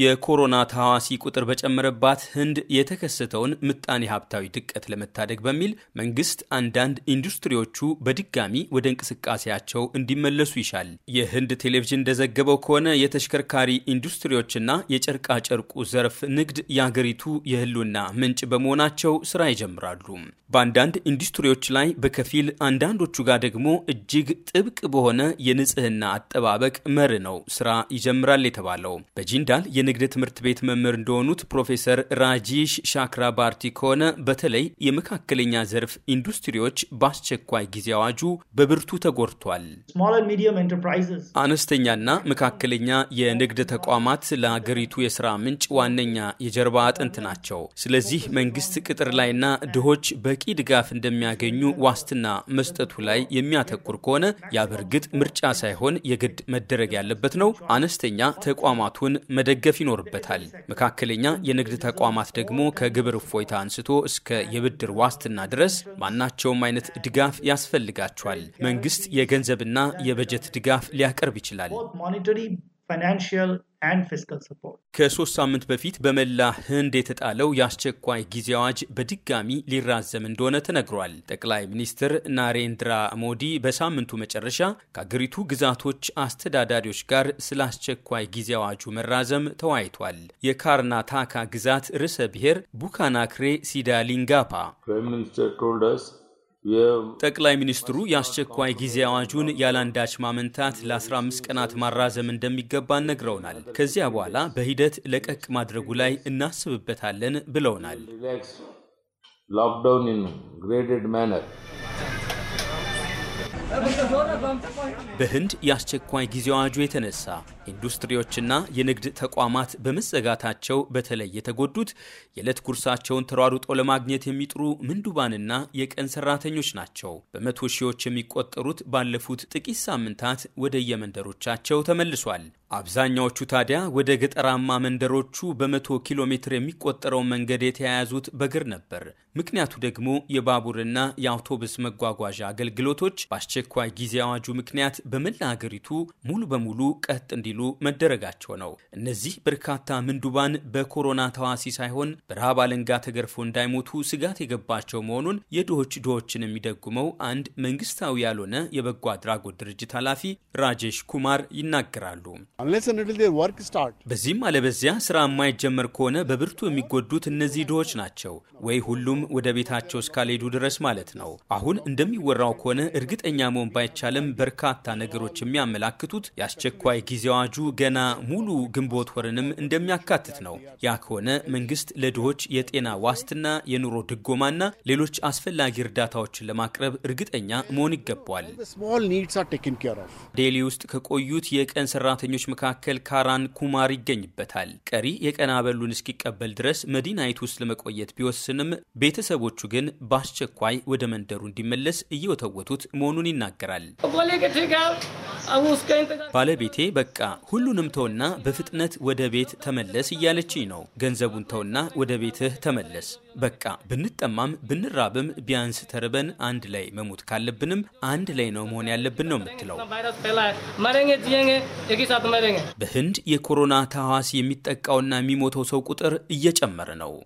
የኮሮና ተሐዋሲ ቁጥር በጨመረባት ህንድ የተከሰተውን ምጣኔ ሀብታዊ ድቀት ለመታደግ በሚል መንግስት አንዳንድ ኢንዱስትሪዎቹ በድጋሚ ወደ እንቅስቃሴያቸው እንዲመለሱ ይሻል። የህንድ ቴሌቪዥን እንደዘገበው ከሆነ የተሽከርካሪ ኢንዱስትሪዎችና የጨርቃጨርቁ ዘርፍ ንግድ የአገሪቱ የህልውና ምንጭ በመሆናቸው ስራ ይጀምራሉ። በአንዳንድ ኢንዱስትሪዎች ላይ በከፊል አንዳንዶቹ ጋር ደግሞ እጅግ ጥብቅ በሆነ የንጽህና አጠባበቅ መር ነው ስራ ይጀምራል የተባለው በጂንዳል የንግድ ትምህርት ቤት መምህር እንደሆኑት ፕሮፌሰር ራጂሽ ሻክራ ባርቲ ከሆነ በተለይ የመካከለኛ ዘርፍ ኢንዱስትሪዎች በአስቸኳይ ጊዜ አዋጁ በብርቱ ተጎድቷል። አነስተኛና መካከለኛ የንግድ ተቋማት ለሀገሪቱ የስራ ምንጭ ዋነኛ የጀርባ አጥንት ናቸው። ስለዚህ መንግስት ቅጥር ላይና ድሆች በቂ ድጋፍ እንደሚያገኙ ዋስትና መስጠቱ ላይ የሚያተኩር ከሆነ ያ በእርግጥ ምርጫ ሳይሆን የግድ መደረግ ያለበት ነው። አነስተኛ ተቋማቱን መደገፍ መደገፍ ይኖርበታል። መካከለኛ የንግድ ተቋማት ደግሞ ከግብር እፎይታ አንስቶ እስከ የብድር ዋስትና ድረስ ማናቸውም አይነት ድጋፍ ያስፈልጋቸዋል። መንግስት የገንዘብና የበጀት ድጋፍ ሊያቀርብ ይችላል። ከሶስት ሳምንት በፊት በመላ ህንድ የተጣለው የአስቸኳይ ጊዜ አዋጅ በድጋሚ ሊራዘም እንደሆነ ተነግሯል። ጠቅላይ ሚኒስትር ናሬንድራ ሞዲ በሳምንቱ መጨረሻ ከአገሪቱ ግዛቶች አስተዳዳሪዎች ጋር ስለ አስቸኳይ ጊዜ አዋጁ መራዘም ተወያይቷል። የካርናታካ ግዛት ርዕሰ ብሔር ቡካናክሬ ሲዳሊንጋፓ ጠቅላይ ሚኒስትሩ የአስቸኳይ ጊዜ አዋጁን ያለአንዳች ማመንታት ለ15 ቀናት ማራዘም እንደሚገባ ነግረውናል። ከዚያ በኋላ በሂደት ለቀቅ ማድረጉ ላይ እናስብበታለን ብለውናል። በህንድ የአስቸኳይ ጊዜ አዋጁ የተነሳ ኢንዱስትሪዎችና የንግድ ተቋማት በመዘጋታቸው በተለይ የተጎዱት የዕለት ጉርሳቸውን ተሯሩጦ ለማግኘት የሚጥሩ ምንዱባንና የቀን ሰራተኞች ናቸው። በመቶ ሺዎች የሚቆጠሩት ባለፉት ጥቂት ሳምንታት ወደ የመንደሮቻቸው ተመልሷል። አብዛኛዎቹ ታዲያ ወደ ገጠራማ መንደሮቹ በመቶ ኪሎ ሜትር የሚቆጠረውን መንገድ የተያያዙት በእግር ነበር። ምክንያቱ ደግሞ የባቡርና የአውቶቡስ መጓጓዣ አገልግሎቶች በአስቸኳይ ጊዜ አዋጁ ምክንያት በመላ አገሪቱ ሙሉ በሙሉ ቀጥ እንዲሉ እንዲሉ መደረጋቸው ነው። እነዚህ በርካታ ምንዱባን በኮሮና ተዋሲ ሳይሆን በረሃብ አለንጋ ተገርፎ እንዳይሞቱ ስጋት የገባቸው መሆኑን የድሆች ድሆችን የሚደጉመው አንድ መንግስታዊ ያልሆነ የበጎ አድራጎት ድርጅት ኃላፊ ራጀሽ ኩማር ይናገራሉ። በዚህም አለበዚያ ስራ የማይጀመር ከሆነ በብርቱ የሚጎዱት እነዚህ ድሆች ናቸው ወይ ሁሉም ወደ ቤታቸው እስካልሄዱ ድረስ ማለት ነው። አሁን እንደሚወራው ከሆነ እርግጠኛ መሆን ባይቻልም በርካታ ነገሮች የሚያመላክቱት የአስቸኳይ ጊዜዋ አዋጁ ገና ሙሉ ግንቦት ወርንም እንደሚያካትት ነው። ያ ከሆነ መንግስት ለድሆች የጤና ዋስትና፣ የኑሮ ድጎማና ሌሎች አስፈላጊ እርዳታዎችን ለማቅረብ እርግጠኛ መሆን ይገባዋል። ዴሊ ውስጥ ከቆዩት የቀን ሰራተኞች መካከል ካራን ኩማር ይገኝበታል። ቀሪ የቀን አበሉን እስኪቀበል ድረስ መዲናይት ውስጥ ለመቆየት ቢወስንም ቤተሰቦቹ ግን በአስቸኳይ ወደ መንደሩ እንዲመለስ እየወተወቱት መሆኑን ይናገራል። ባለቤቴ በቃ ሁሉንም ተውና በፍጥነት ወደ ቤት ተመለስ እያለችኝ ነው። ገንዘቡን ተውና ወደ ቤትህ ተመለስ በቃ። ብንጠማም ብንራብም ቢያንስ ተርበን አንድ ላይ መሞት ካለብንም አንድ ላይ ነው መሆን ያለብን ነው የምትለው። በህንድ የኮሮና ተህዋስ የሚጠቃውና የሚሞተው ሰው ቁጥር እየጨመረ ነው።